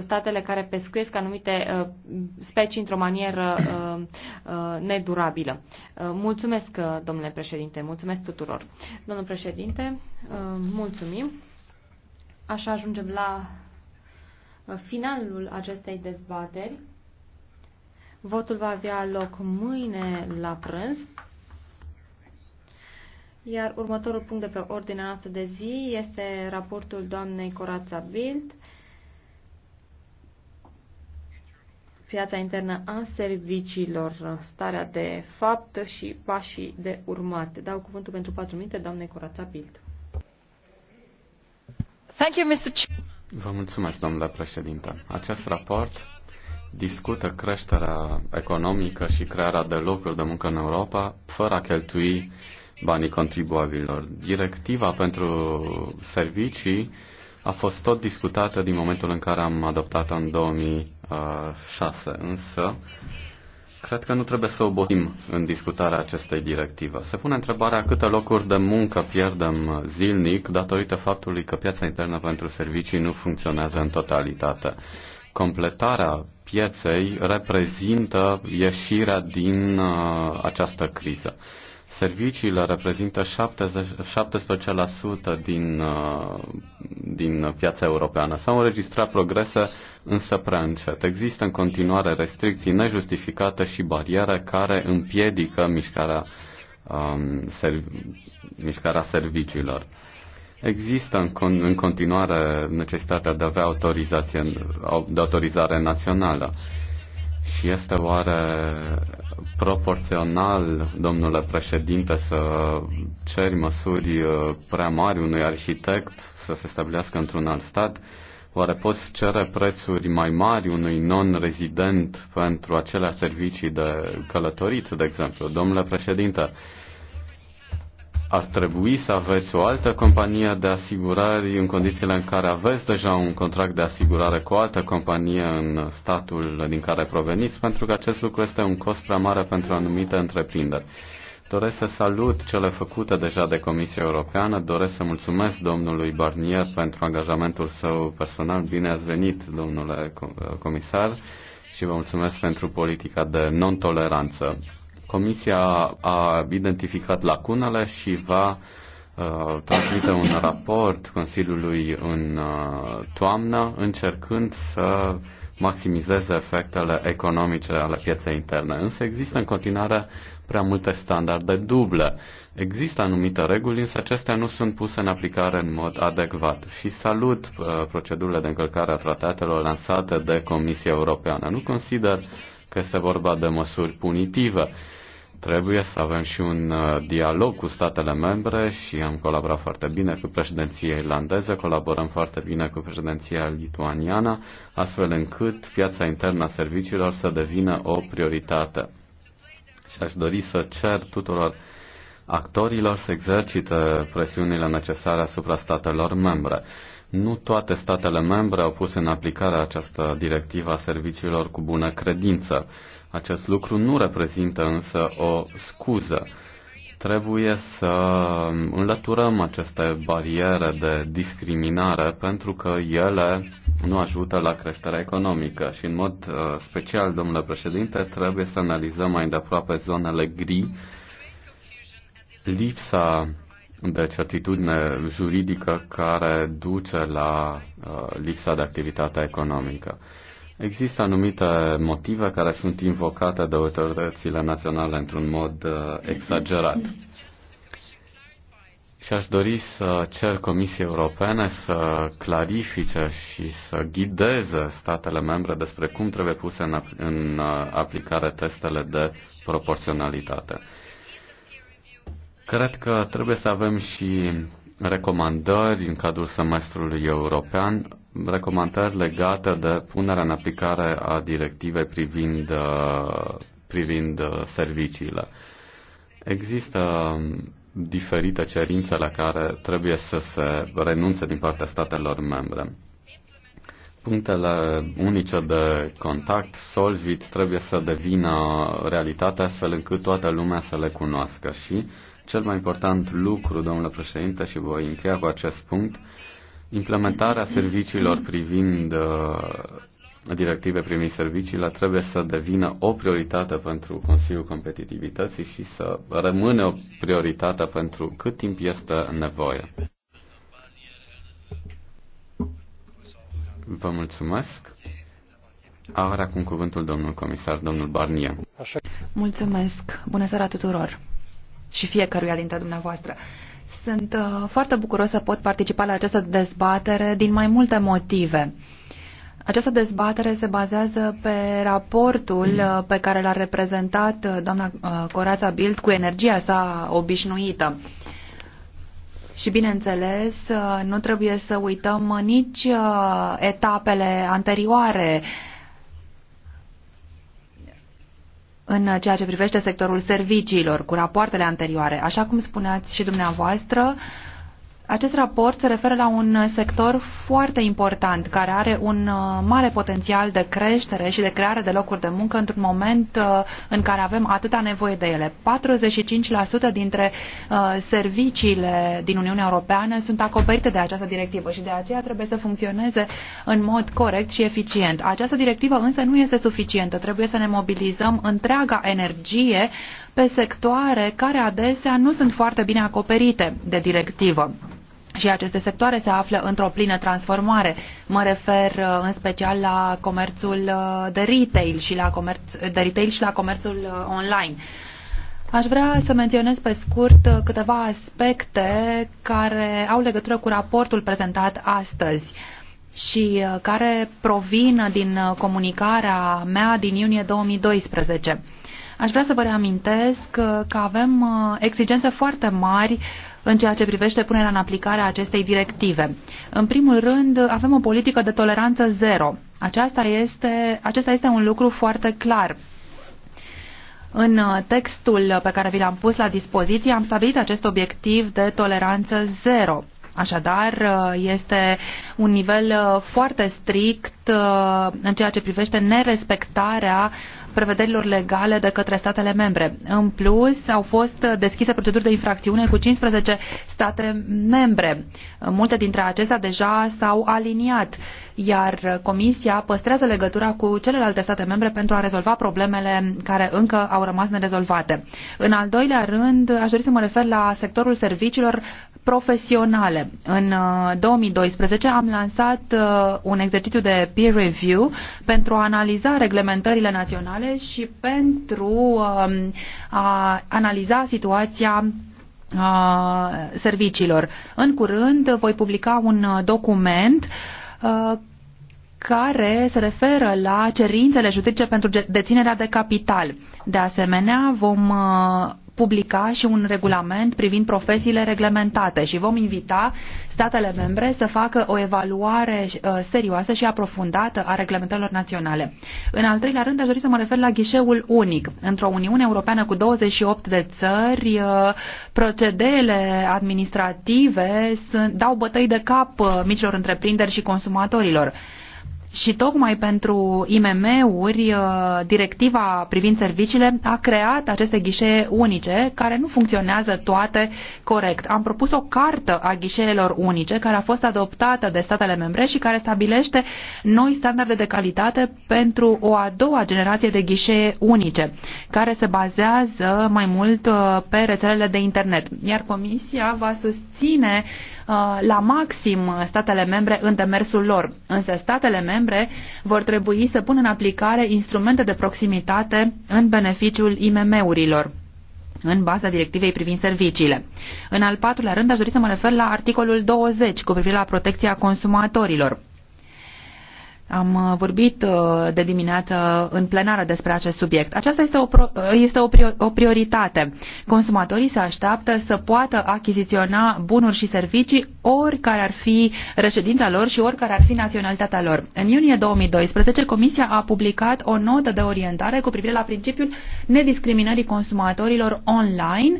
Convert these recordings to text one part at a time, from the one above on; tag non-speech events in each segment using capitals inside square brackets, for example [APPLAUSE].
statele care pescuiesc anumite uh, specii într-o manieră uh, uh, nedurabilă. Mulțumesc, domnule președinte, mulțumesc tuturor. Domnul președinte, mulțumim. Așa ajungem la finalul acestei dezbateri. Votul va avea loc mâine la prânz. Iar următorul punct de pe ordinea noastră de zi este raportul doamnei Corața Bild piața internă a serviciilor, starea de fapt și pașii de urmat. Dau cuvântul pentru patru minute, doamne Corața Pilt. Thank you, Mr. Vă mulțumesc, domnule președinte. Acest raport discută creșterea economică și crearea de locuri de muncă în Europa fără a cheltui banii contribuabililor. Directiva pentru servicii a fost tot discutată din momentul în care am adoptat-o în 2000 6, însă cred că nu trebuie să obotim în discutarea acestei directive. Se pune întrebarea câte locuri de muncă pierdem zilnic datorită faptului că piața internă pentru servicii nu funcționează în totalitate. Completarea pieței reprezintă ieșirea din uh, această criză. Serviciile reprezintă 70, 17% din, uh, din piața europeană. S-au înregistrat progrese, însă prea încet. Există în continuare restricții nejustificate și bariere care împiedică mișcarea, um, ser, mișcarea serviciilor. Există în, con- în continuare necesitatea de a avea autorizație, de autorizare națională. Și este oare proporțional, domnule președinte, să ceri măsuri uh, prea mari unui arhitect să se stabilească într-un alt stat? Oare poți cere prețuri mai mari unui non-rezident pentru aceleași servicii de călătorit, de exemplu? Domnule președinte, ar trebui să aveți o altă companie de asigurări în condițiile în care aveți deja un contract de asigurare cu o altă companie în statul din care proveniți, pentru că acest lucru este un cost prea mare pentru anumite întreprinderi. Doresc să salut cele făcute deja de Comisia Europeană, doresc să mulțumesc domnului Barnier pentru angajamentul său personal. Bine ați venit, domnule comisar, și vă mulțumesc pentru politica de non-toleranță. Comisia a identificat lacunele și va uh, transmite un raport Consiliului în uh, toamnă, încercând să maximizeze efectele economice ale pieței interne. Însă există în continuare prea multe standarde duble. Există anumite reguli, însă acestea nu sunt puse în aplicare în mod adecvat. Și salut uh, procedurile de încălcare a tratatelor lansate de Comisia Europeană. Nu consider că este vorba de măsuri punitive Trebuie să avem și un uh, dialog cu statele membre și am colaborat foarte bine cu președinția irlandeză, colaborăm foarte bine cu președinția lituaniană, astfel încât piața internă a serviciilor să devină o prioritate. Și aș dori să cer tuturor actorilor să exercite presiunile necesare asupra statelor membre. Nu toate statele membre au pus în aplicare această directivă a serviciilor cu bună credință. Acest lucru nu reprezintă însă o scuză. Trebuie să înlăturăm aceste bariere de discriminare pentru că ele nu ajută la creșterea economică și în mod uh, special, domnule președinte, trebuie să analizăm mai de aproape zonele gri, lipsa de certitudine juridică care duce la uh, lipsa de activitate economică. Există anumite motive care sunt invocate de autoritățile naționale într-un mod uh, exagerat. Și aș dori să cer Comisiei Europene să clarifice și să ghideze statele membre despre cum trebuie puse în, în uh, aplicare testele de proporționalitate. Cred că trebuie să avem și recomandări în cadrul semestrului european, recomandări legate de punerea în aplicare a directivei privind, uh, privind uh, serviciile. Există um, diferite cerințe la care trebuie să se renunțe din partea statelor membre. Punctele unice de contact, Solvit, trebuie să devină realitate astfel încât toată lumea să le cunoască și uh, cel mai important lucru, domnule președinte, și voi încheia cu acest punct, implementarea serviciilor privind uh, directive privind serviciile trebuie să devină o prioritate pentru Consiliul Competitivității și să rămâne o prioritate pentru cât timp este nevoie. Vă mulțumesc. Are acum cuvântul domnul comisar, domnul Barnier. Mulțumesc. Bună seara tuturor și fiecăruia dintre dumneavoastră. Sunt uh, foarte bucuros să pot participa la această dezbatere din mai multe motive. Această dezbatere se bazează pe raportul uh, pe care l-a reprezentat uh, doamna Corața Bild cu energia sa obișnuită. Și bineînțeles, nu trebuie să uităm nici etapele anterioare în ceea ce privește sectorul serviciilor cu rapoartele anterioare. Așa cum spuneați și dumneavoastră, acest raport se referă la un sector foarte important, care are un uh, mare potențial de creștere și de creare de locuri de muncă într-un moment uh, în care avem atâta nevoie de ele. 45% dintre uh, serviciile din Uniunea Europeană sunt acoperite de această directivă și de aceea trebuie să funcționeze în mod corect și eficient. Această directivă însă nu este suficientă. Trebuie să ne mobilizăm întreaga energie pe sectoare care adesea nu sunt foarte bine acoperite de directivă. Și aceste sectoare se află într-o plină transformare. Mă refer uh, în special la comerțul uh, de retail și la, comerț, de retail și la comerțul uh, online. Aș vrea să menționez pe scurt câteva aspecte care au legătură cu raportul prezentat astăzi și care provin din comunicarea mea din iunie 2012. Aș vrea să vă reamintesc uh, că avem uh, exigențe foarte mari în ceea ce privește punerea în aplicare a acestei directive. În primul rând, avem o politică de toleranță zero. Aceasta este, acesta este un lucru foarte clar. În uh, textul pe care vi l-am pus la dispoziție am stabilit acest obiectiv de toleranță zero. Așadar, este un nivel foarte strict în ceea ce privește nerespectarea prevederilor legale de către statele membre. În plus, au fost deschise proceduri de infracțiune cu 15 state membre. Multe dintre acestea deja s-au aliniat iar Comisia păstrează legătura cu celelalte state membre pentru a rezolva problemele care încă au rămas nerezolvate. În al doilea rând, aș dori să mă refer la sectorul serviciilor profesionale. În 2012 uh, am lansat uh, un exercițiu de peer review pentru a analiza reglementările naționale și pentru um, a analiza situația uh, serviciilor. În curând voi publica un document uh, Uh, care se referă la cerințele juridice pentru deținerea de capital. De asemenea, vom uh, publica și un regulament privind profesiile reglementate și vom invita statele membre să facă o evaluare uh, serioasă și aprofundată a reglementărilor naționale. În al treilea rând, aș dori să mă refer la ghișeul unic. Într-o Uniune Europeană cu 28 de țări, uh, procedele administrative sunt, dau bătăi de cap uh, micilor întreprinderi și consumatorilor. Și tocmai pentru IMM-uri, uh, directiva privind serviciile a creat aceste ghișee unice care nu funcționează toate corect. Am propus o cartă a ghișeelor unice care a fost adoptată de statele membre și care stabilește noi standarde de calitate pentru o a doua generație de ghișee unice, care se bazează mai mult uh, pe rețelele de internet. Iar Comisia va susține uh, Uh, la maxim statele membre în demersul lor. Însă statele membre vor trebui să pună în aplicare instrumente de proximitate în beneficiul IMM-urilor în baza directivei privind serviciile. În al patrulea rând, aș dori să mă refer la articolul 20 cu privire la protecția consumatorilor. Am uh, vorbit uh, de dimineață în plenară despre acest subiect. Aceasta este o, pro, uh, este o, prior, o prioritate. Consumatorii se așteaptă să poată achiziționa bunuri și servicii oricare ar fi reședința lor și oricare ar fi naționalitatea lor. În iunie 2012, Comisia a publicat o notă de orientare cu privire la principiul nediscriminării consumatorilor online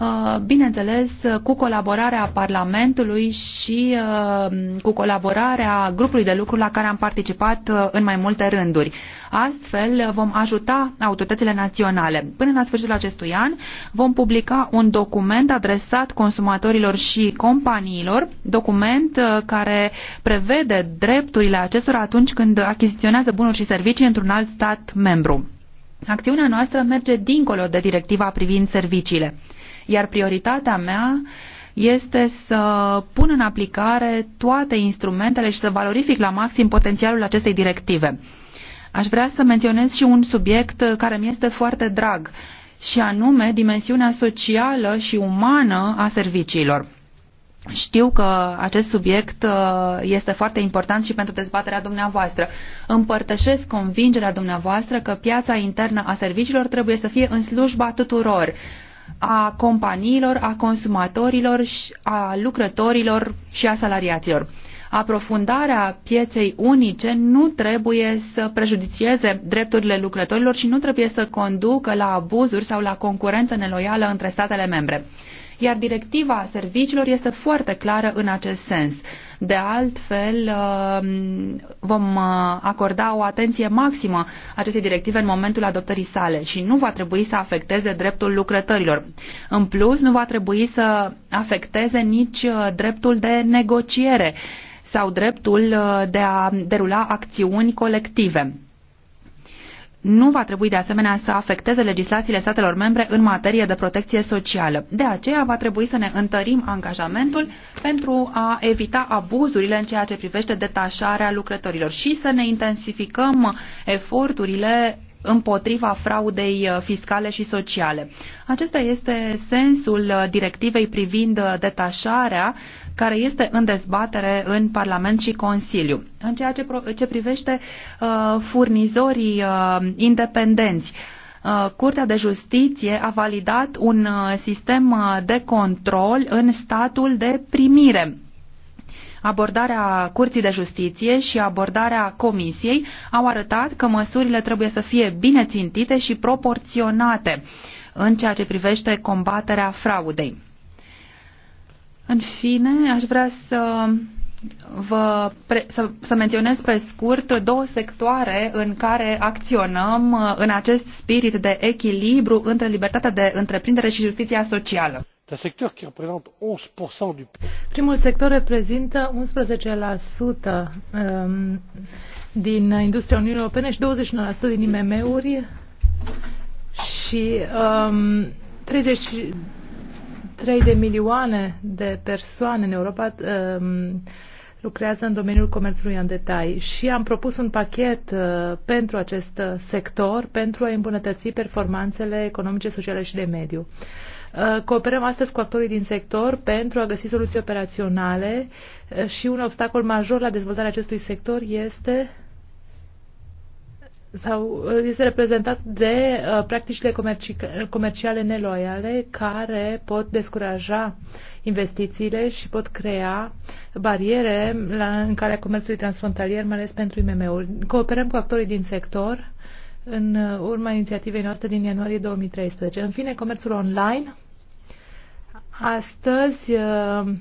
Uh, bineînțeles, cu colaborarea Parlamentului și uh, cu colaborarea grupului de lucru la care am participat uh, în mai multe rânduri. Astfel, vom ajuta autoritățile naționale. Până la sfârșitul acestui an, vom publica un document adresat consumatorilor și companiilor, document care prevede drepturile acestora atunci când achiziționează bunuri și servicii într-un alt stat membru. Acțiunea noastră merge dincolo de directiva privind serviciile iar prioritatea mea este să pun în aplicare toate instrumentele și să valorific la maxim potențialul acestei directive. Aș vrea să menționez și un subiect care mi este foarte drag, și anume dimensiunea socială și umană a serviciilor. Știu că acest subiect uh, este foarte important și pentru dezbaterea dumneavoastră. Împărtășesc convingerea dumneavoastră că piața internă a serviciilor trebuie să fie în slujba tuturor a companiilor, a consumatorilor, a lucrătorilor și a salariaților. Aprofundarea pieței unice nu trebuie să prejudicieze drepturile lucrătorilor și nu trebuie să conducă la abuzuri sau la concurență neloială între statele membre. Iar directiva serviciilor este foarte clară în acest sens de altfel, um, vom uh, acorda o atenție maximă acestei directive în momentul adoptării sale și nu va trebui să afecteze dreptul lucrătorilor. În plus, nu va trebui să afecteze nici uh, dreptul de negociere sau dreptul uh, de a derula acțiuni colective nu va trebui de asemenea să afecteze legislațiile statelor membre în materie de protecție socială. De aceea va trebui să ne întărim angajamentul pentru a evita abuzurile în ceea ce privește detașarea lucrătorilor și să ne intensificăm eforturile împotriva fraudei uh, fiscale și sociale. Acesta este sensul uh, directivei privind uh, detașarea care este în dezbatere în Parlament și Consiliu. În ceea ce, ce privește uh, furnizorii uh, independenți, uh, Curtea de Justiție a validat un uh, sistem uh, de control în statul de primire abordarea Curții de Justiție și abordarea Comisiei au arătat că măsurile trebuie să fie bine țintite și proporționate în ceea ce privește combaterea fraudei. În fine, aș vrea să vă pre- să, să menționez pe scurt două sectoare în care acționăm uh, în acest spirit de echilibru între libertatea de întreprindere și justiția socială. Primul sector reprezintă 11% um, din industria Uniunii Europene și 29% din IMM-uri și 30 um, 3 de milioane de persoane în Europa um, lucrează în domeniul comerțului în detai și am propus un pachet uh, pentru acest sector pentru a îmbunătăți performanțele economice, sociale și de mediu. Uh, cooperăm astăzi cu actorii din sector pentru a găsi soluții operaționale uh, și un obstacol major la dezvoltarea acestui sector este sau uh, este reprezentat de uh, practicile comerci comerciale neloiale care pot descuraja investițiile și pot crea bariere la, în calea comerțului transfrontalier, mai ales pentru IMM-uri. Cooperăm cu actorii din sector în uh, urma inițiativei noastre din ianuarie 2013. În fine, comerțul online. Astăzi uh,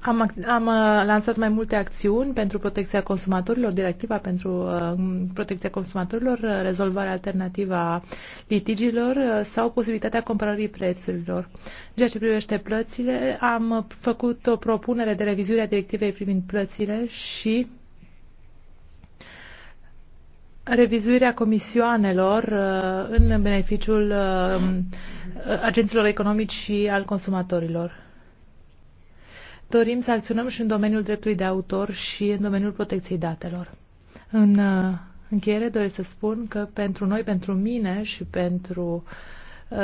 am, am uh, lansat mai multe acțiuni pentru protecția consumatorilor, directiva pentru uh, protecția consumatorilor, uh, rezolvarea alternativă a litigilor uh, sau posibilitatea comparării prețurilor. În ceea ce privește plățile, am făcut o propunere de revizuire a directivei privind plățile și revizuirea comisioanelor uh, în beneficiul uh, agenților economici și al consumatorilor dorim să acționăm și în domeniul dreptului de autor și în domeniul protecției datelor. În uh, încheiere doresc să spun că pentru noi, pentru mine și pentru uh,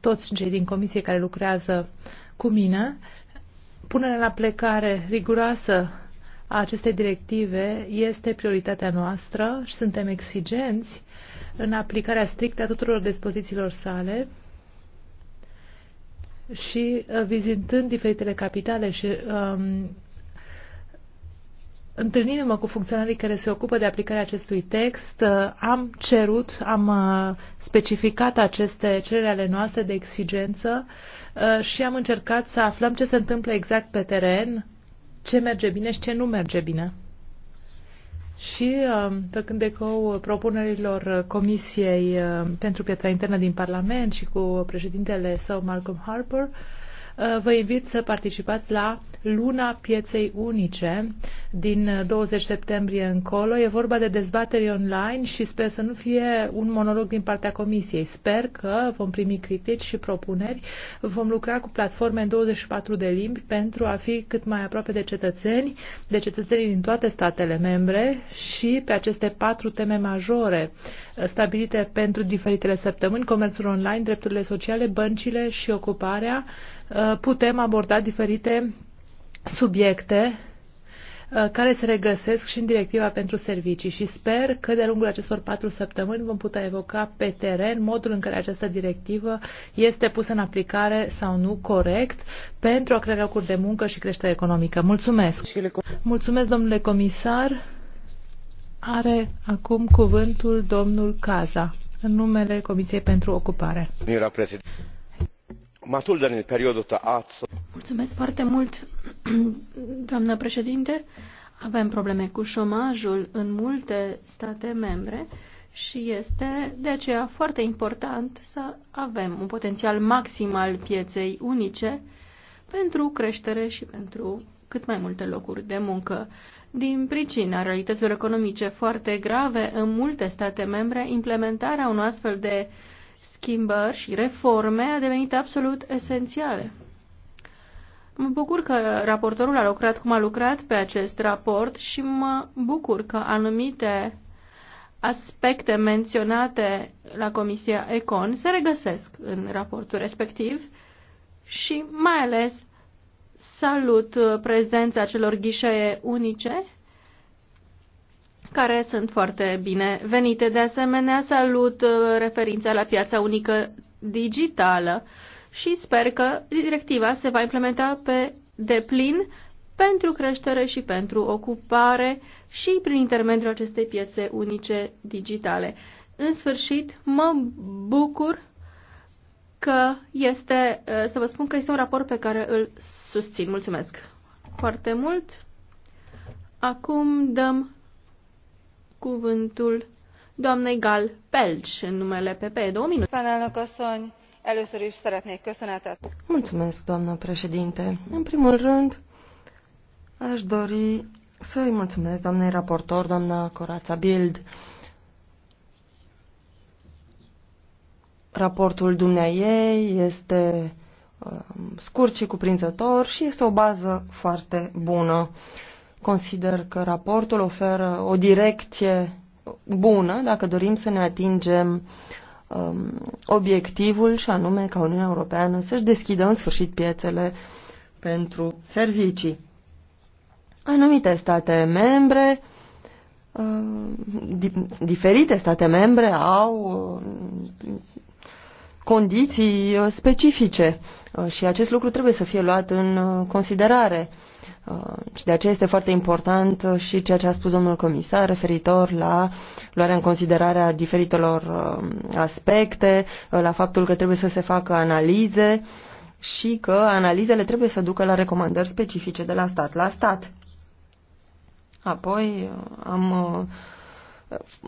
toți cei din comisie care lucrează cu mine, punerea la plecare riguroasă a acestei directive este prioritatea noastră și suntem exigenți în aplicarea strictă a tuturor dispozițiilor sale și uh, vizitând diferitele capitale și um, întâlnindu-mă cu funcționarii care se ocupă de aplicarea acestui text, uh, am cerut, am uh, specificat aceste cereri ale noastre de exigență și am încercat să aflăm ce se întâmplă exact pe teren, ce merge bine și ce nu merge bine. Și uh, de ecou uh, propunerilor uh, Comisiei pentru Piața Internă din Parlament și cu președintele său Malcolm Harper, Uh, vă invit să participați la Luna Pieței Unice din 20 uh, septembrie încolo. E vorba de dezbateri online și sper să nu fie un monolog din partea Comisiei. Sper că vom primi critici și propuneri. Vom lucra cu platforme în 24 de limbi pentru a fi cât mai aproape de cetățeni, de cetățenii din toate statele membre și pe aceste patru teme majore uh, stabilite pentru diferitele săptămâni, comerțul online, drepturile sociale, băncile și ocuparea Uh, putem aborda diferite subiecte uh, care se regăsesc și în directiva pentru servicii și sper că de-a lungul acestor patru săptămâni vom putea evoca pe teren modul în care această directivă este pusă în aplicare sau nu corect pentru a crea locuri de muncă și creștere economică. Mulțumesc! Mulțumesc, domnule comisar! Are acum cuvântul domnul Caza în numele Comisiei pentru Ocupare foarte mult, [CLEARS THROAT] doamnă președinte. Avem probleme cu șomajul în multe state membre și este de aceea foarte important să avem un potențial maxim al pieței unice pentru creștere și pentru cât mai multe locuri de muncă. Din pricina realităților economice foarte grave în multe state membre, implementarea unui astfel de uh, schimbări și reforme a devenit absolut esențiale. Mă bucur că raportorul a lucrat cum a lucrat pe acest raport și mă bucur că anumite aspecte menționate la Comisia Econ se regăsesc în raportul respectiv și mai ales salut prezența celor ghișee unice care sunt foarte bine venite. De asemenea, salut uh, referința la piața unică digitală și sper că directiva se va implementa pe deplin pentru creștere și pentru ocupare și prin intermediul acestei piețe unice digitale. În sfârșit, mă bucur că este, uh, să vă spun că este un raport pe care îl susțin. Mulțumesc foarte mult. Acum dăm cuvântul doamnei Gal Pelci în numele PP. Două minute. Először is szeretnék köszönetet. Mulțumesc, doamnă președinte. În primul rând, aș dori să-i mulțumesc doamnei raportor, doamna Corața Bild. Raportul dumneaei este um, scurt și cuprinzător și este o bază foarte bună. Consider că raportul oferă o direcție bună dacă dorim să ne atingem um, obiectivul și anume ca Uniunea Europeană să-și deschidă în sfârșit piețele pentru servicii. Anumite state membre, um, diferite state membre au um, condiții uh, specifice uh, și acest lucru trebuie să fie luat în uh, considerare. Uh, și de aceea este foarte important uh, și ceea ce a spus domnul comisar referitor la luarea în considerare a diferitelor uh, aspecte, la faptul că trebuie să se facă analize și că analizele trebuie să ducă la recomandări specifice de la stat la stat. Apoi am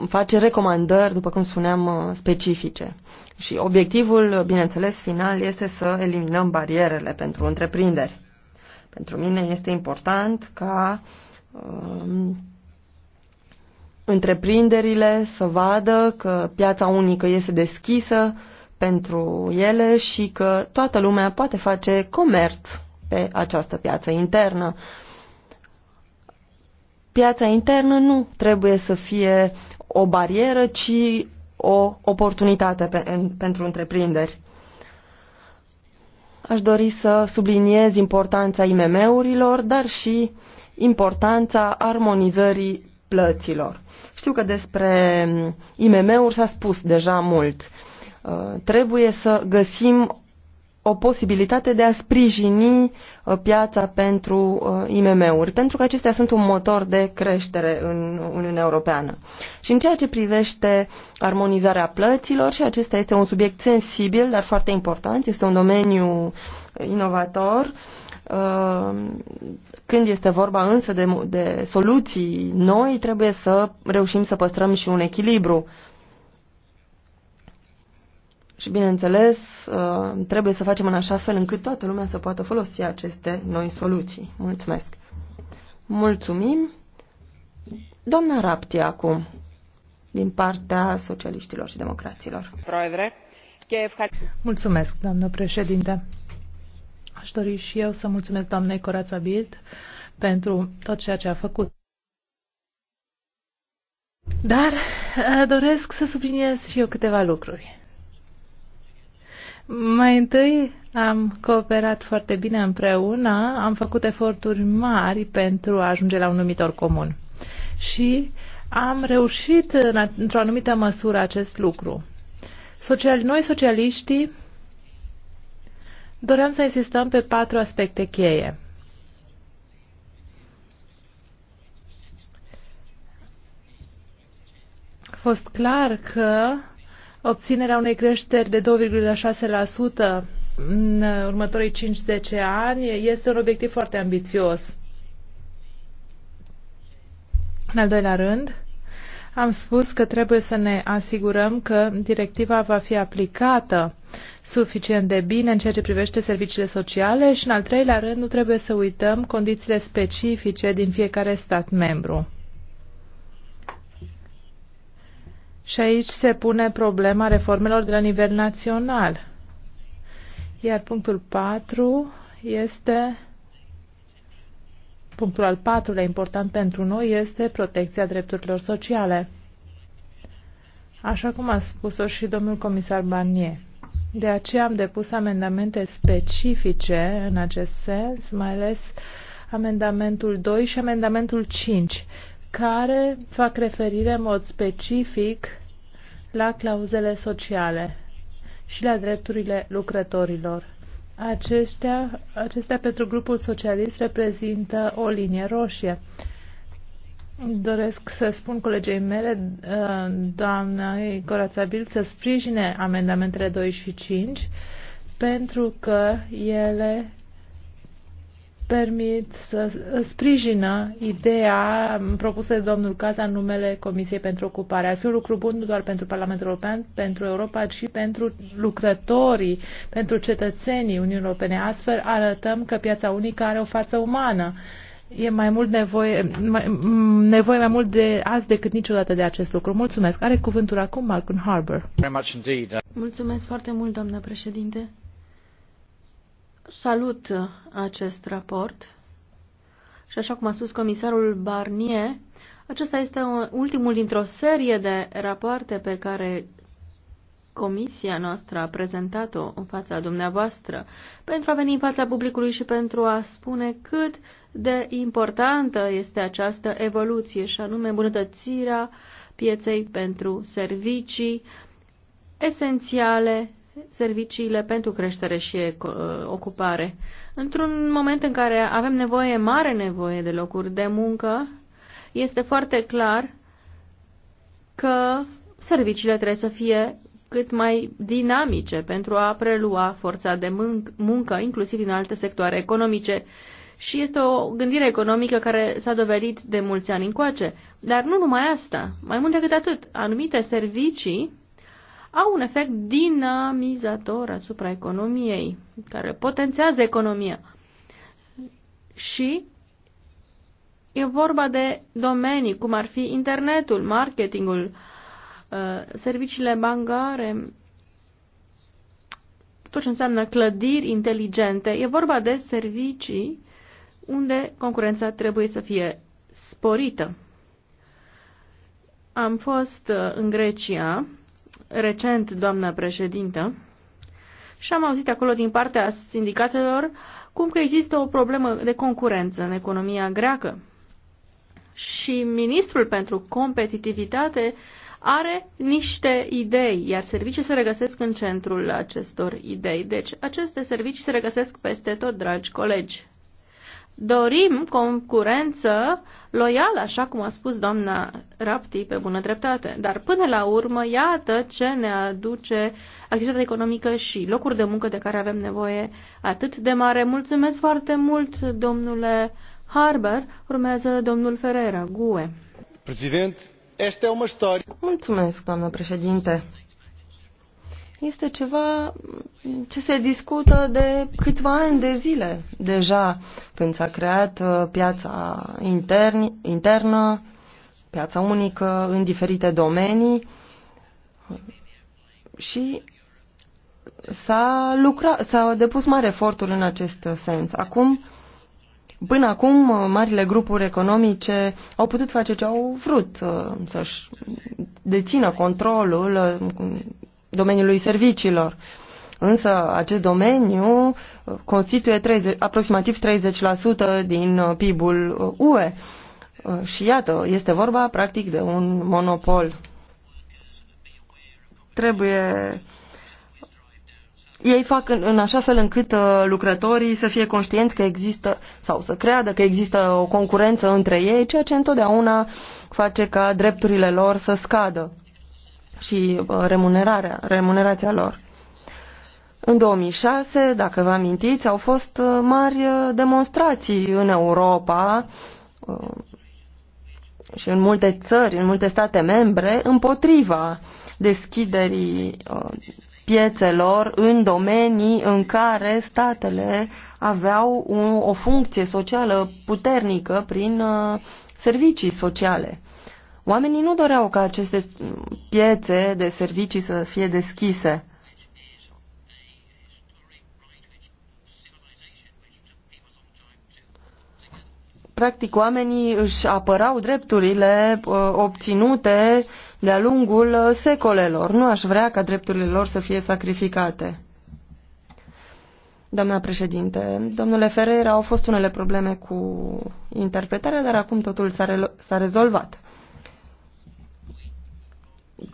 face recomandări, după cum spuneam, specifice. Și obiectivul, bineînțeles, final este să eliminăm barierele pentru întreprinderi. Pentru mine este important ca um, întreprinderile să vadă că piața unică este deschisă pentru ele și că toată lumea poate face comerț pe această piață internă. Piața internă nu trebuie să fie o barieră, ci o oportunitate pe, în, pentru întreprinderi. Aș dori să subliniez importanța IMM-urilor, dar și importanța armonizării plăților. Știu că despre IMM-uri s-a spus deja mult. Uh, trebuie să găsim o posibilitate de a sprijini uh, piața pentru uh, IMM-uri, pentru că acestea sunt un motor de creștere în Uniunea Europeană. Și în ceea ce privește armonizarea plăților, și acesta este un subiect sensibil, dar foarte important, este un domeniu uh, inovator, când este vorba însă de, de soluții noi, trebuie să reușim să păstrăm și un echilibru și, bineînțeles, uh, trebuie să facem în așa fel încât toată lumea să poată folosi aceste noi soluții. Mulțumesc! Mulțumim! Doamna Rapti acum, din partea socialiștilor și democraților. Mulțumesc, doamnă președinte! Aș dori și eu să mulțumesc doamnei Corața Bild pentru tot ceea ce a făcut. Dar uh, doresc să subliniez și eu câteva lucruri. Mai întâi am cooperat foarte bine împreună, am făcut eforturi mari pentru a ajunge la un numitor comun. Și am reușit într-o anumită măsură acest lucru. Social, noi, socialiștii, doream să insistăm pe patru aspecte cheie. A fost clar că obținerea unei creșteri de 2,6% în următorii 5-10 ani este un obiectiv foarte ambițios. În al doilea rând, am spus că trebuie să ne asigurăm că directiva va fi aplicată suficient de bine în ceea ce privește serviciile sociale și, în al treilea rând, nu trebuie să uităm condițiile specifice din fiecare stat membru. Și aici se pune problema reformelor de la nivel național. Iar punctul 4 este punctul al patrulea important pentru noi este protecția drepturilor sociale. Așa cum a spus-o și domnul comisar Barnier. De aceea am depus amendamente specifice în acest sens, mai ales amendamentul 2 și amendamentul 5, care fac referire în mod specific la clauzele sociale și la drepturile lucrătorilor. Acestea, acestea pentru grupul socialist reprezintă o linie roșie. Doresc să spun colegei mele, uh, doamnei Corațabil, să sprijine amendamentele 2 și 5 pentru că ele permit să sprijină ideea propusă de domnul Caza în numele Comisiei pentru Ocupare. Ar fi un lucru bun nu doar pentru Parlamentul European, pentru Europa, ci pentru lucrătorii, pentru cetățenii Uniunii Europene. Astfel arătăm că piața unică are o față umană. E mai mult nevoie mai, nevoie mai mult de azi decât niciodată de acest lucru. Mulțumesc. Are cuvântul acum Malcolm Harbour. Mulțumesc foarte mult, doamnă președinte salut acest raport și așa cum a spus comisarul Barnier, acesta este ultimul dintr-o serie de rapoarte pe care comisia noastră a prezentat-o în fața dumneavoastră pentru a veni în fața publicului și pentru a spune cât de importantă este această evoluție și anume îmbunătățirea pieței pentru servicii esențiale serviciile pentru creștere și uh, ocupare. Într-un moment în care avem nevoie, mare nevoie de locuri de muncă, este foarte clar că serviciile trebuie să fie cât mai dinamice pentru a prelua forța de muncă, inclusiv din alte sectoare economice. Și este o gândire economică care s-a dovedit de mulți ani încoace. Dar nu numai asta, mai mult decât atât, anumite servicii au un efect dinamizator asupra economiei, care potențează economia. Și e vorba de domenii, cum ar fi internetul, marketingul, uh, serviciile bancare, tot ce înseamnă clădiri inteligente. E vorba de servicii unde concurența trebuie să fie sporită. Am fost uh, în Grecia recent, doamnă președintă, și am auzit acolo din partea sindicatelor cum că există o problemă de concurență în economia greacă. Și ministrul pentru competitivitate are niște idei, iar servicii se regăsesc în centrul acestor idei. Deci, aceste servicii se regăsesc peste tot, dragi colegi. Dorim concurență loială, așa cum a spus doamna Rapti, pe bună dreptate. Dar până la urmă, iată ce ne aduce activitatea economică și locuri de muncă de care avem nevoie atât de mare. Mulțumesc foarte mult, domnule Harber. Urmează domnul Ferreira, GUE. Președinte, este o măștori. Mulțumesc, doamnă președinte este ceva ce se discută de câțiva ani de zile deja, când s-a creat uh, piața intern, internă, piața unică în diferite domenii și s-a, lucrat, s-a depus mare efortul în acest sens. Acum, până acum, uh, marile grupuri economice au putut face ce au vrut, uh, să-și dețină controlul domeniului serviciilor. Însă acest domeniu uh, constituie 30, aproximativ 30% din uh, PIB-ul UE. Uh, și iată, este vorba practic de un monopol. Trebuie ei fac în, în așa fel încât uh, lucrătorii să fie conștienți că există sau să creadă că există o concurență între ei, ceea ce întotdeauna face ca drepturile lor să scadă și uh, remunerarea, remunerația lor. În 2006, dacă vă amintiți, au fost uh, mari uh, demonstrații în Europa și în multe țări, în multe state membre, împotriva deschiderii piețelor în domenii în care statele aveau o funcție socială puternică prin servicii sociale. Oamenii nu doreau ca aceste piețe de servicii să fie deschise. Practic, oamenii își apărau drepturile uh, obținute de-a lungul uh, secolelor. Nu aș vrea ca drepturile lor să fie sacrificate. Doamna președinte, domnule Ferreira, au fost unele probleme cu interpretarea, dar acum totul s-a rezolvat.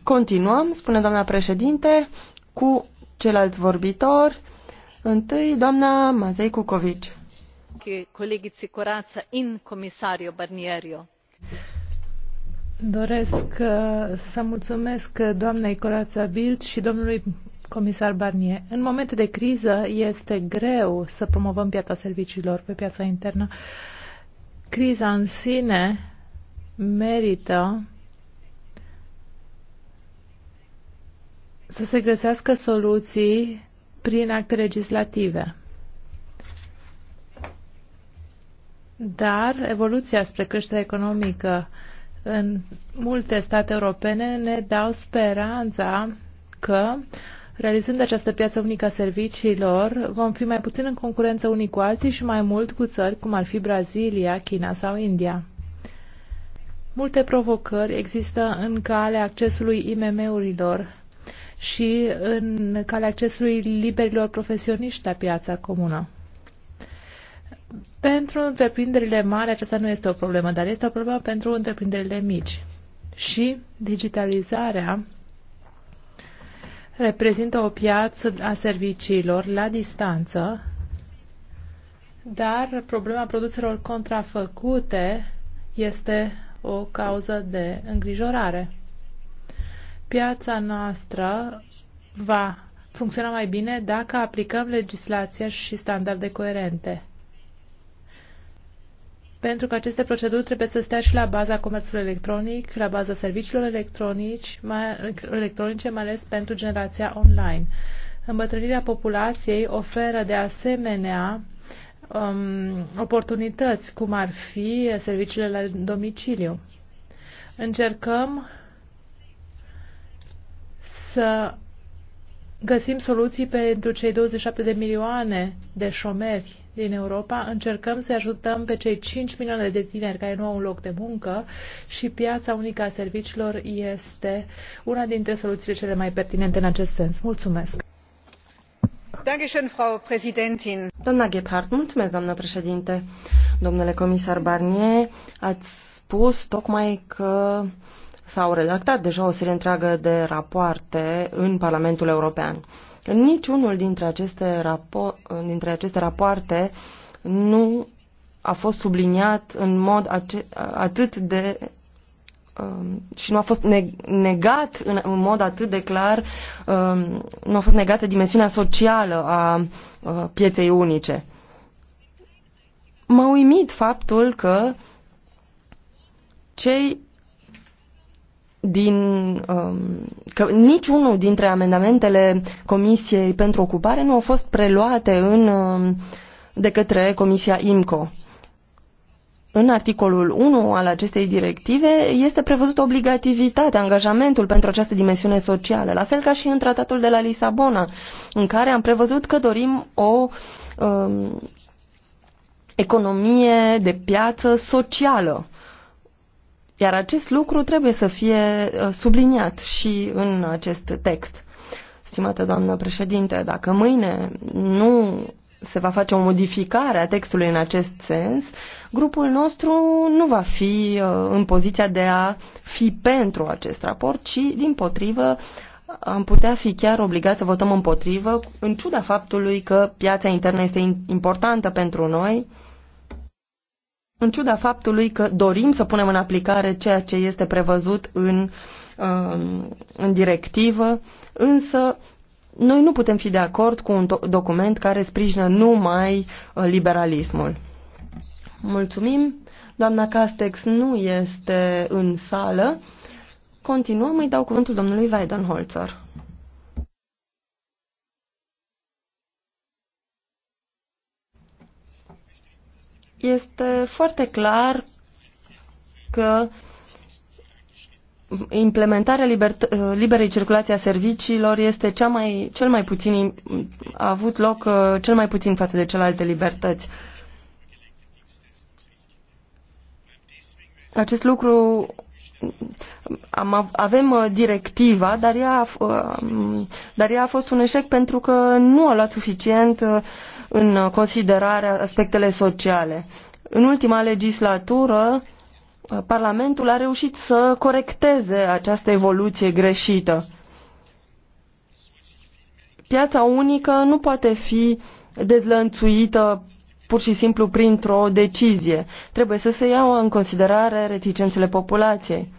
Continuăm, spune doamna președinte, cu celălalt vorbitor. Întâi, doamna Mazei Cucovici. Colegii Țicurață in comisario Barnierio. Doresc uh, să mulțumesc doamnei Corața Bild și domnului comisar Barnier. În momente de criză este greu să promovăm piața serviciilor pe piața internă. Criza în sine merită să se găsească soluții prin acte legislative. Dar evoluția spre creșterea economică în multe state europene ne dau speranța că realizând această piață unică a serviciilor, vom fi mai puțin în concurență unii cu alții și mai mult cu țări cum ar fi Brazilia, China sau India. Multe provocări există în calea accesului IMM-urilor și în calea accesului liberilor profesioniști la piața comună. Pentru întreprinderile mari aceasta nu este o problemă, dar este o problemă pentru întreprinderile mici. Și digitalizarea reprezintă o piață a serviciilor la distanță, dar problema produselor contrafăcute este o cauză de îngrijorare. Piața noastră va funcționa mai bine dacă aplicăm legislația și standarde coerente. Pentru că aceste proceduri trebuie să stea și la baza comerțului electronic, la baza serviciilor electronici, mai, electronice, mai ales pentru generația online. Îmbătrânirea populației oferă de asemenea um, oportunități, cum ar fi serviciile la domiciliu. Încercăm să găsim soluții pentru cei 27 de milioane de șomeri din Europa, încercăm să ajutăm pe cei 5 milioane de tineri care nu au un loc de muncă și piața unică a serviciilor este una dintre soluțiile cele mai pertinente în acest sens. Mulțumesc! Doamna Gebhardt, mulțumesc, doamnă președinte. Domnule comisar Barnier, ați spus tocmai că S-au redactat deja o serie întreagă de rapoarte în Parlamentul European. Niciunul dintre aceste, rapo dintre aceste rapoarte nu a fost subliniat în mod atât de um, și nu a fost negat în mod atât de clar, um, nu a fost negată dimensiunea socială a uh, pieței unice. M-a uimit faptul că cei din, um, că niciunul dintre amendamentele Comisiei pentru Ocupare nu au fost preluate în, um, de către Comisia IMCO. În articolul 1 al acestei directive este prevăzut obligativitatea, angajamentul pentru această dimensiune socială, la fel ca și în tratatul de la Lisabona, în care am prevăzut că dorim o um, economie de piață socială. Iar acest lucru trebuie să fie uh, subliniat și în acest text. Stimată doamnă președinte, dacă mâine nu se va face o modificare a textului în acest sens, grupul nostru nu va fi uh, în poziția de a fi pentru acest raport, ci, din potrivă, am putea fi chiar obligați să votăm împotrivă, în ciuda faptului că piața internă este importantă pentru noi în ciuda faptului că dorim să punem în aplicare ceea ce este prevăzut în, um, în directivă, însă noi nu putem fi de acord cu un document care sprijină numai uh, liberalismul. Mulțumim. Doamna Castex nu este în sală. Continuăm, îi dau cuvântul domnului Weidenholzer. este foarte clar că implementarea liber, liberei circulații a serviciilor este cea mai, cel mai puțin, a avut loc uh, cel mai puțin față de celelalte libertăți. Acest lucru am, avem uh, directiva, dar ea, uh, dar ea a fost un eșec pentru că nu a luat suficient în considerare aspectele sociale. În ultima legislatură, Parlamentul a reușit să corecteze această evoluție greșită. Piața unică nu poate fi dezlănțuită pur și simplu printr-o decizie. Trebuie să se iau în considerare reticențele populației.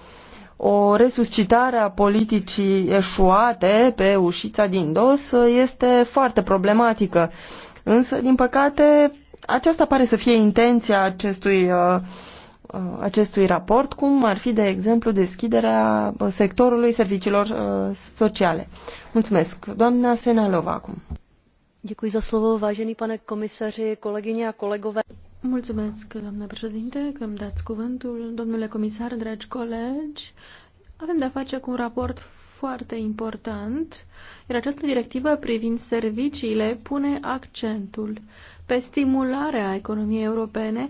O resuscitare a politicii eșuate pe ușița din dos este foarte problematică. Însă, din păcate, aceasta pare să fie intenția acestui, uh, uh, acestui raport, cum ar fi, de exemplu, deschiderea uh, sectorului serviciilor sociale. Mulțumesc. Doamna Senalova acum. Děkuji za slovo, vážený pane komisaři, kolegyně a kolegové. Mulțumesc, doamna președinte, că îmi dați cuvântul. Domnule comisar, dragi colegi, avem de-a face cu un raport foarte important, iar această directivă privind serviciile pune accentul pe stimularea economiei europene,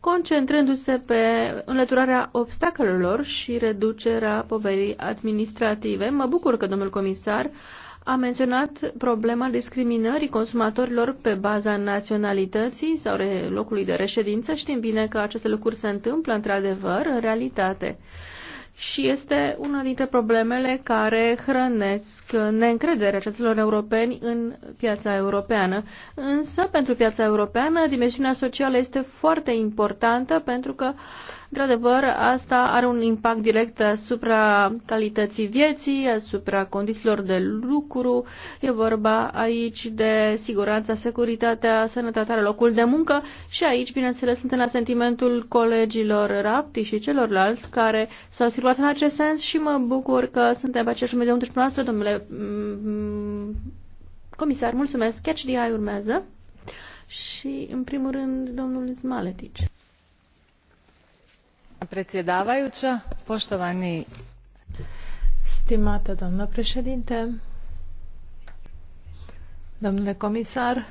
concentrându-se pe înlăturarea obstacolelor și reducerea poverii administrative. Mă bucur că domnul comisar a menționat problema discriminării consumatorilor pe baza naționalității sau locului de reședință. Știm bine că aceste lucruri se întâmplă într-adevăr în realitate și este una dintre problemele care hrănesc neîncrederea cetățenilor europeni în piața europeană. Însă, pentru piața europeană, dimensiunea socială este foarte importantă pentru că uh, Într-adevăr, asta are un impact direct asupra calității vieții, asupra condițiilor de lucru. E vorba aici de siguranța, securitatea, sănătatea, locul de muncă și aici, bineînțeles, suntem la sentimentul colegilor rapti și celorlalți care s-au situat în acest sens și mă bucur că suntem pe aceeași mediu și noastră, domnule mm, comisar. Mulțumesc. Catch the Eye urmează. Și, în primul rând, domnul Zmaletici predsjedavajuća poštovani stimată doamnă președinte domnule comisar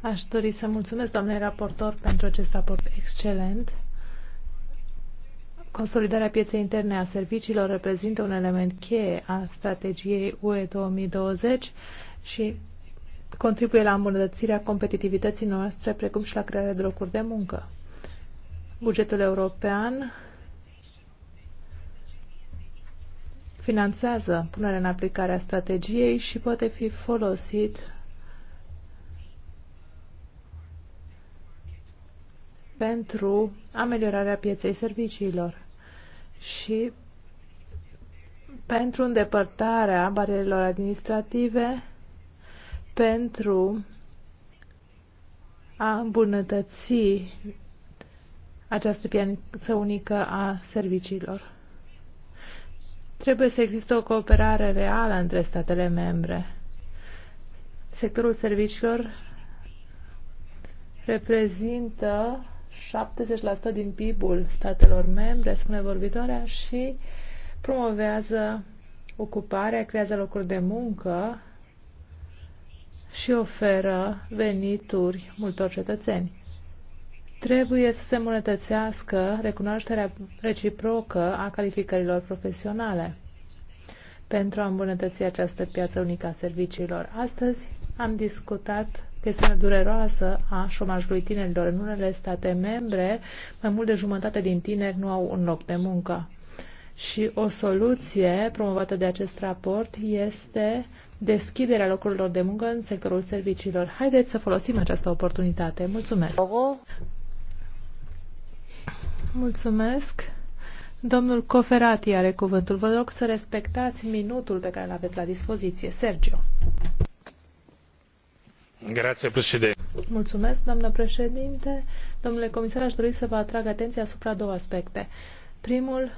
aș dori să mulțumesc doamnei raportor pentru acest raport excelent. Consolidarea pieței interne a serviciilor reprezintă un element cheie a strategiei UE 2020 și contribuie la îmbunătățirea competitivității noastre, precum și la crearea de locuri de muncă. Bugetul european finanțează punerea în aplicare a strategiei și poate fi folosit pentru ameliorarea pieței serviciilor și pentru îndepărtarea barierelor administrative, pentru a îmbunătăți această piață unică a serviciilor. Trebuie să există o cooperare reală între statele membre. Sectorul serviciilor reprezintă 70% din PIB-ul statelor membre, spune vorbitoarea, și promovează ocuparea, creează locuri de muncă și oferă venituri multor cetățeni. Trebuie să se îmbunătățească recunoașterea reciprocă a calificărilor profesionale pentru a îmbunătăți această piață unică a serviciilor. Astăzi am discutat chestiunea dureroasă a șomajului tinerilor. În unele state membre, mai mult de jumătate din tineri nu au un loc de muncă. Și o soluție promovată de acest raport este deschiderea locurilor de muncă în sectorul serviciilor. Haideți să folosim această oportunitate. Mulțumesc! Mulțumesc. Domnul Coferati are cuvântul. Vă rog să respectați minutul pe care îl aveți la dispoziție. Sergio. Grație, președinte. Mulțumesc, doamnă președinte. Domnule comisar, aș dori să vă atrag atenția asupra două aspecte. Primul,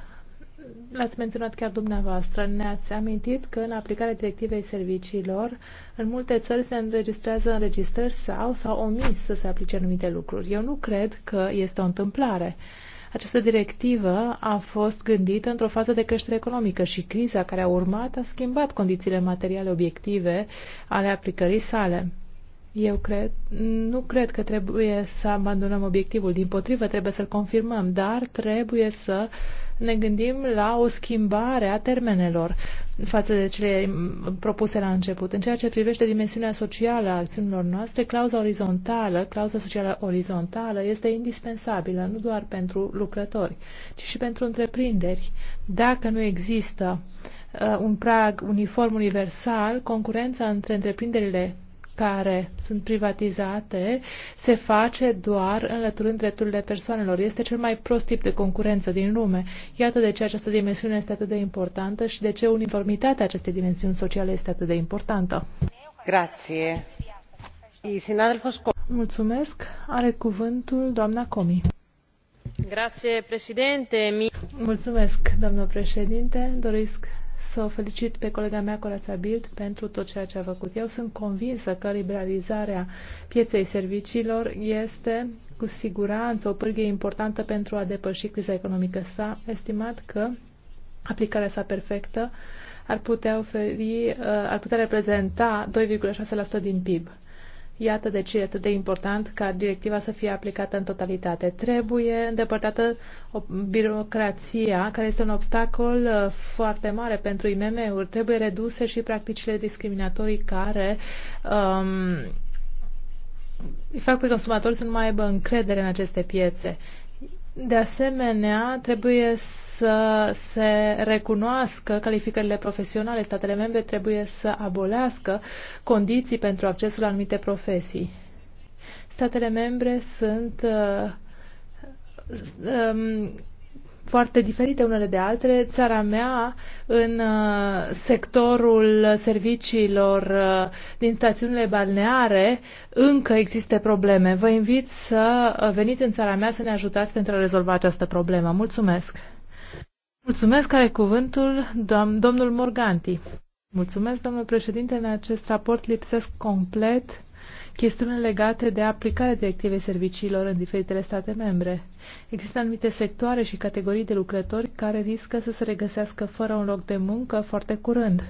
l-ați menționat chiar dumneavoastră, ne-ați amintit că în aplicarea directivei serviciilor, în multe țări se înregistrează înregistrări sau s-au omis să se aplice anumite lucruri. Eu nu cred că este o întâmplare. Această directivă a fost gândită într-o fază de creștere economică și criza care a urmat a schimbat condițiile materiale obiective ale aplicării sale. Eu cred, nu cred că trebuie să abandonăm obiectivul, din potrivă trebuie să-l confirmăm, dar trebuie să ne gândim la o schimbare a termenelor față de cele propuse la început. În ceea ce privește dimensiunea socială a acțiunilor noastre, clauza orizontală, clauza socială orizontală este indispensabilă nu doar pentru lucrători, ci și pentru întreprinderi. Dacă nu există uh, un prag uniform universal, concurența între întreprinderile care sunt privatizate se face doar înlăturând drepturile persoanelor. Este cel mai prost tip de concurență din lume. Iată de ce această dimensiune este atât de importantă și de ce uniformitatea acestei dimensiuni sociale este atât de importantă. Grație. Mulțumesc. Are cuvântul doamna Comi. Grație, președinte. Mulțumesc, doamnă președinte. Doresc să o felicit pe colega mea, Corața Bild, pentru tot ceea ce a făcut. Eu sunt convinsă că liberalizarea pieței serviciilor este cu siguranță o pârghie importantă pentru a depăși criza economică. S-a estimat că aplicarea sa perfectă ar putea oferi, uh, ar putea reprezenta 2,6% din PIB. Iată de ce e atât de important ca directiva să fie aplicată în totalitate. Trebuie îndepărtată o birocrația, care este un obstacol uh, foarte mare pentru IMM-uri. Trebuie reduse și practicile discriminatorii care um, îi fac pe consumatori să nu mai aibă încredere în aceste piețe. De asemenea, trebuie să se recunoască calificările profesionale. Statele membre trebuie să abolească condiții pentru accesul la anumite profesii. Statele membre sunt uh, um, foarte diferite unele de altele. Țara mea, în uh, sectorul serviciilor uh, din stațiunile balneare, încă există probleme. Vă invit să veniți în țara mea să ne ajutați pentru a rezolva această problemă. Mulțumesc! Mulțumesc, care cuvântul doam, domnul Morganti. Mulțumesc, domnule președinte, în acest raport lipsesc complet chestiuni legate de aplicarea directivei serviciilor în diferitele state membre. Există anumite sectoare și categorii de lucrători care riscă să se regăsească fără un loc de muncă foarte curând.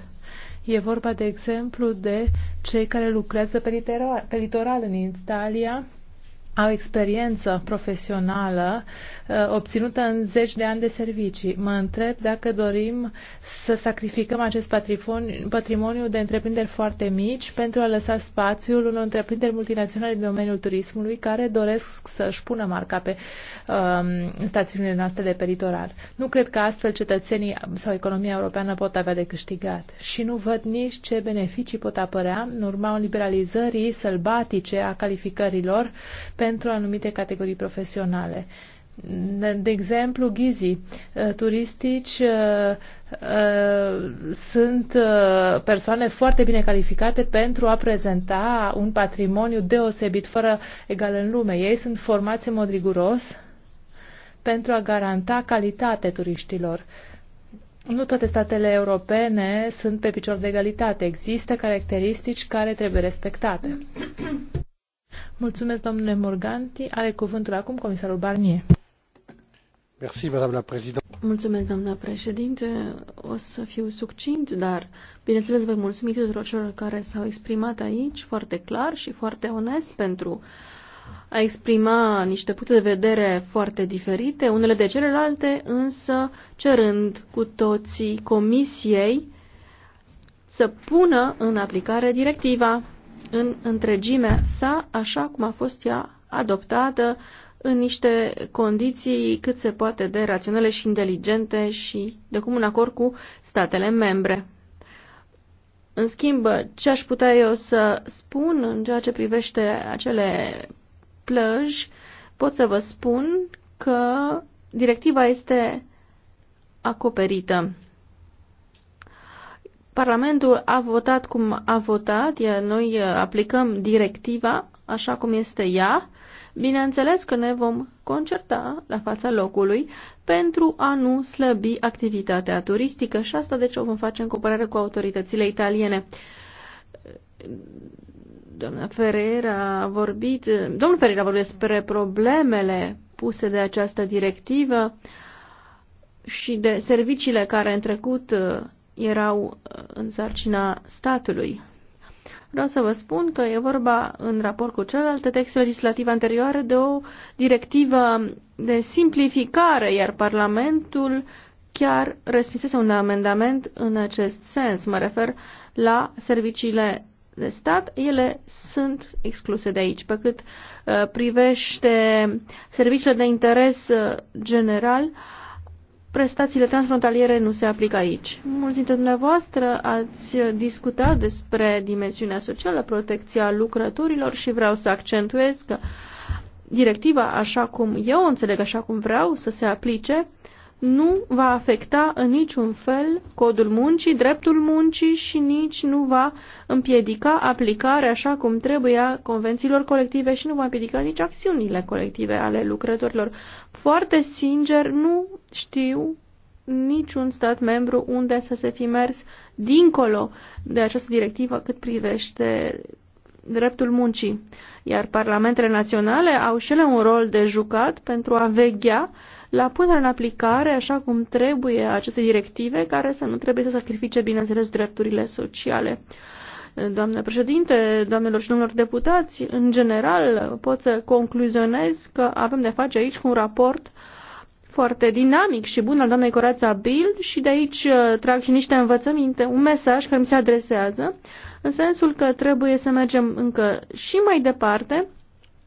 E vorba, de exemplu, de cei care lucrează pe litoral, pe litoral în Italia, au experiență profesională uh, obținută în zeci de ani de servicii. Mă întreb dacă dorim să sacrificăm acest patrimoniu de întreprinderi foarte mici pentru a lăsa spațiul unor întreprinderi multinaționale din domeniul turismului care doresc să-și pună marca pe um, stațiunile noastre de pe litoral. Nu cred că astfel cetățenii sau economia europeană pot avea de câștigat și nu văd nici ce beneficii pot apărea în urma liberalizării sălbatice a calificărilor pentru anumite categorii profesionale. De exemplu, ghizii uh, turistici uh, uh, sunt persoane foarte bine calificate pentru a prezenta un patrimoniu deosebit, fără egal în lume. Ei sunt formați în mod riguros pentru a garanta calitate turiștilor. Nu toate statele europene sunt pe picior de egalitate. Există caracteristici care trebuie respectate. Mulțumesc, domnule Morganti. Are cuvântul acum comisarul Barnier. Merci, madame la președinte. Mulțumesc, doamna președinte. O să fiu succint, dar bineînțeles vă mulțumim tuturor celor care s-au exprimat aici foarte clar și foarte onest pentru a exprima niște puncte de vedere foarte diferite, unele de celelalte, însă cerând cu toții comisiei să pună în aplicare directiva în întregimea sa, așa cum a fost ea adoptată în niște condiții cât se poate de raționale și inteligente și de comun acord cu statele membre. În schimb, ce aș putea eu să spun în ceea ce privește acele plăji, pot să vă spun că directiva este acoperită Parlamentul a votat cum a votat, iar noi uh, aplicăm directiva așa cum este ea. Bineînțeles că ne vom concerta la fața locului pentru a nu slăbi activitatea turistică și asta deci o vom face în cooperare cu autoritățile italiene. Doamna Ferreira a vorbit, domnul Ferreira a vorbit despre problemele puse de această directivă și de serviciile care în trecut uh, erau uh, în sarcina statului. Vreau să vă spun că e vorba, în raport cu celelalte texte legislative anterioare, de o directivă de simplificare, iar Parlamentul chiar respinsese un amendament în acest sens. Mă refer la serviciile de stat, ele sunt excluse de aici. Pe cât uh, privește serviciile de interes uh, general, uh, prestațiile transfrontaliere nu se aplică aici. Mulți dintre dumneavoastră ați discutat despre dimensiunea socială, protecția lucrătorilor și vreau să accentuez că directiva, așa cum eu o înțeleg, așa cum vreau să se aplice, nu va afecta în niciun fel codul muncii, dreptul muncii și nici nu va împiedica aplicarea așa cum trebuie a convențiilor colective și nu va împiedica nici acțiunile colective ale lucrătorilor. Foarte sincer, nu știu niciun stat membru unde să se fi mers dincolo de această directivă cât privește dreptul muncii. Iar parlamentele naționale au și ele un rol de jucat pentru a veghea uh, la punerea în aplicare, așa cum trebuie, aceste directive, care să nu trebuie să sacrifice, bineînțeles, drepturile sociale. Doamne președinte, doamnelor și domnilor deputați, în general pot să concluzionez că avem de face aici cu un raport foarte dinamic și bun al doamnei Corața Bill și de aici uh, trag și niște învățăminte, un mesaj care mi se adresează, în sensul că trebuie să mergem încă și mai departe,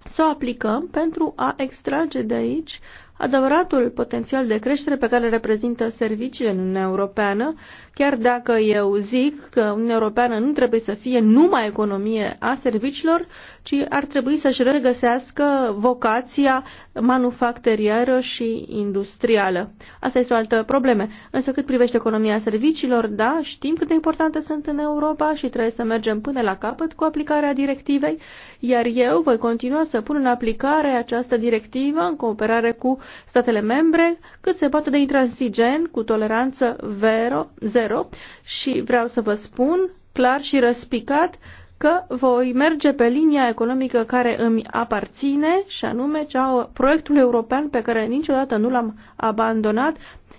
să o aplicăm pentru a extrage de aici adevăratul potențial de creștere pe care reprezintă serviciile în Uniunea Europeană, chiar dacă eu zic că Uniunea Europeană nu trebuie să fie numai economie a serviciilor, ci ar trebui să-și regăsească vocația manufacturieră și industrială. Asta este o altă problemă. Însă cât privește economia serviciilor, da, știm cât de importante sunt în Europa și trebuie să mergem până la capăt cu aplicarea directivei, iar eu voi continua să pun în aplicare această directivă în cooperare cu statele membre cât se poate de intransigent, cu toleranță vero, zero și vreau să vă spun clar și răspicat că voi merge pe linia economică care îmi aparține și anume cea proiectul european pe care niciodată nu l-am abandonat,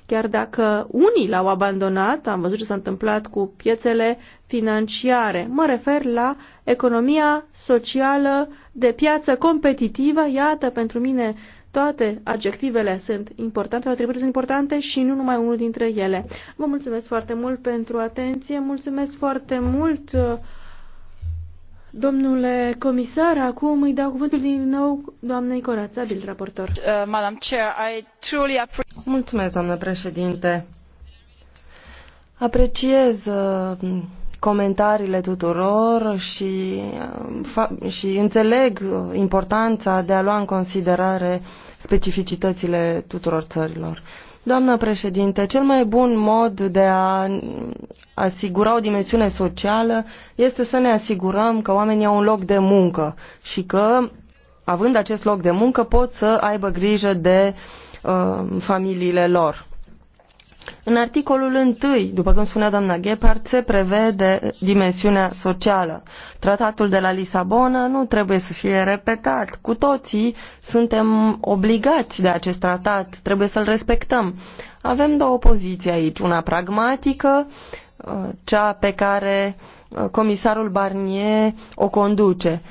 chiar dacă unii l-au abandonat, am văzut ce s-a întâmplat cu piețele financiare. Mă refer la economia socială de piață competitivă, iată pentru mine toate adjectivele sunt importante, toate atributele sunt importante și nu numai unul dintre ele. Vă mulțumesc foarte mult pentru atenție, mulțumesc foarte mult uh, Domnule comisar, acum îi dau cuvântul din nou doamnei Corața, bild raportor. Uh, mulțumesc, doamnă președinte. Apreciez uh, comentariile tuturor și, și înțeleg importanța de a lua în considerare specificitățile tuturor țărilor. Doamnă președinte, cel mai bun mod de a asigura o dimensiune socială este să ne asigurăm că oamenii au un loc de muncă și că, având acest loc de muncă, pot să aibă grijă de uh, familiile lor. În articolul 1, după cum spunea doamna Gephardt, se prevede dimensiunea socială. Tratatul de la Lisabona nu trebuie să fie repetat. Cu toții suntem obligați de acest tratat, trebuie să-l respectăm. Avem două poziții aici, una pragmatică, uh, cea pe care uh, comisarul Barnier o conduce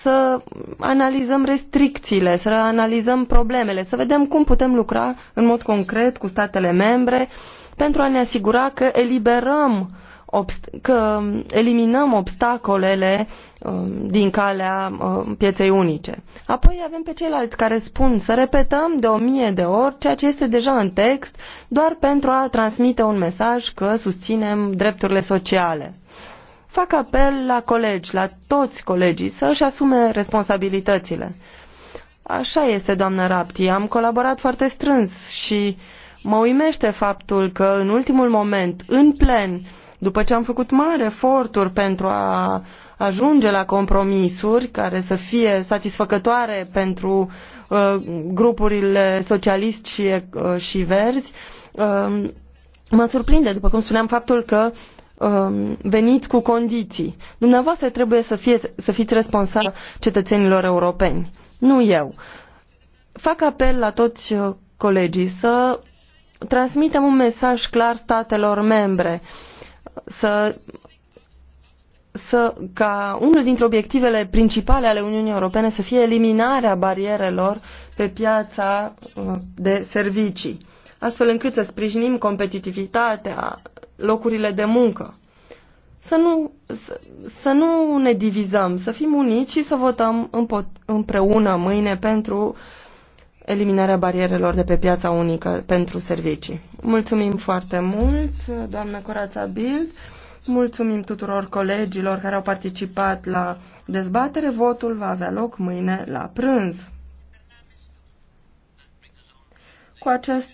să analizăm restricțiile, să analizăm problemele, să vedem cum putem lucra în mod concret cu statele membre pentru a ne asigura că eliberăm că eliminăm obstacolele um, din calea um, pieței unice. Apoi avem pe ceilalți care spun să repetăm de o mie de ori ceea ce este deja în text doar pentru a transmite un mesaj că susținem drepturile sociale. Fac apel la colegi, la toți colegii, să își asume responsabilitățile. Așa este, doamnă Rapti, am colaborat foarte strâns și mă uimește faptul că în ultimul moment, în plen, după ce am făcut mari eforturi pentru a ajunge la compromisuri care să fie satisfăcătoare pentru uh, grupurile socialist și, uh, și verzi, uh, mă surprinde, după cum spuneam, faptul că Um, veniți cu condiții. Dumneavoastră trebuie să, fie, să fiți responsabili cetățenilor europeni, nu eu. Fac apel la toți uh, colegii să transmitem un mesaj clar statelor membre, să, să, ca unul dintre obiectivele principale ale Uniunii Europene să fie eliminarea barierelor pe piața uh, de servicii, astfel încât să sprijinim competitivitatea, locurile de muncă. Să nu, să, să nu ne divizăm, să fim uniți și să votăm împreună mâine pentru eliminarea barierelor de pe piața unică pentru servicii. Mulțumim foarte mult, doamnă Corața Bild. Mulțumim tuturor colegilor care au participat la dezbatere. Votul va avea loc mâine la prânz. Cu acest